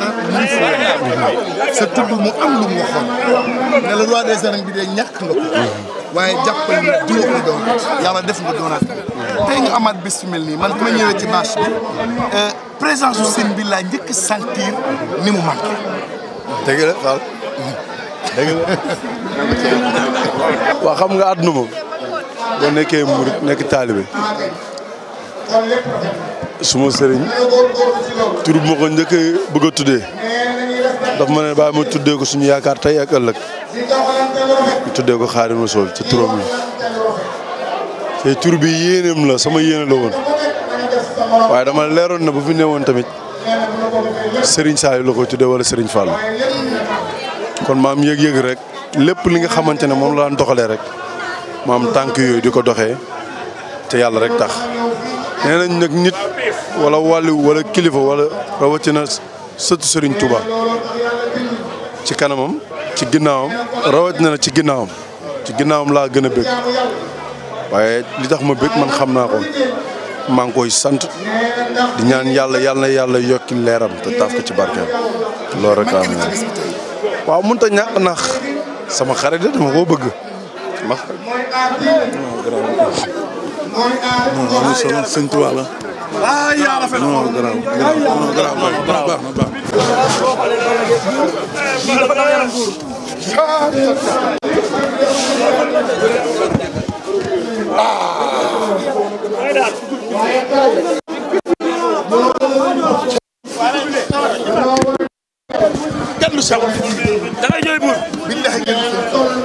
dara lii sa tudd mu am lu mu ne la roi des arènes bi de ñàkk nga waaye jàppal ni diwa ko doon def nga doonaat tey nga amaat bés nii man dama ñëwee ci marché bi euh, présence su seen bi njëkk sentir ni mu manqué dëgg la xam nga àdduna moom boo nekkee murit nekk taalibe suma sëriñ tur bi ma ko njëkk bëgg a tuddee daf ma ne bàyyi ma tuddee ko suñu yaakaar tey ak ëllëg ñu tuddee ko Xaadimu Rasuul ci turam yi te tur bi yéeneem la sama yéene la woon waaye dama leeroon na bu fi woon tamit sëriñ Saliou la ko tuddee wala sëriñ Fall kon maam yëg-yëg rek lépp li nga xamante ne moom la daan doxalee rek maam tànk yooyu di ko doxee te yàlla rek tax nee nañ nag nit walla wàllu wala kilifa wala rawatina sëtu Serigne Touba ci kanamam ci ginnaawam rawatina ci ginnaawam ci ginnaawam laa gën a bëgg waaye li tax ma bëgg man xam naa ko maa ngi koy sant di ñaan yàlla yàlla yàlla yokki leeram te taaf ko ci barkeem loolu rek am na waaw mënut a ñàkk ndax sama xarit dama koo bëgg non solo sëñ Tuubaa la. ah yaa rafet non garaaw non garaaw baax baax na baax. kenn du sewul. da ngay ñëw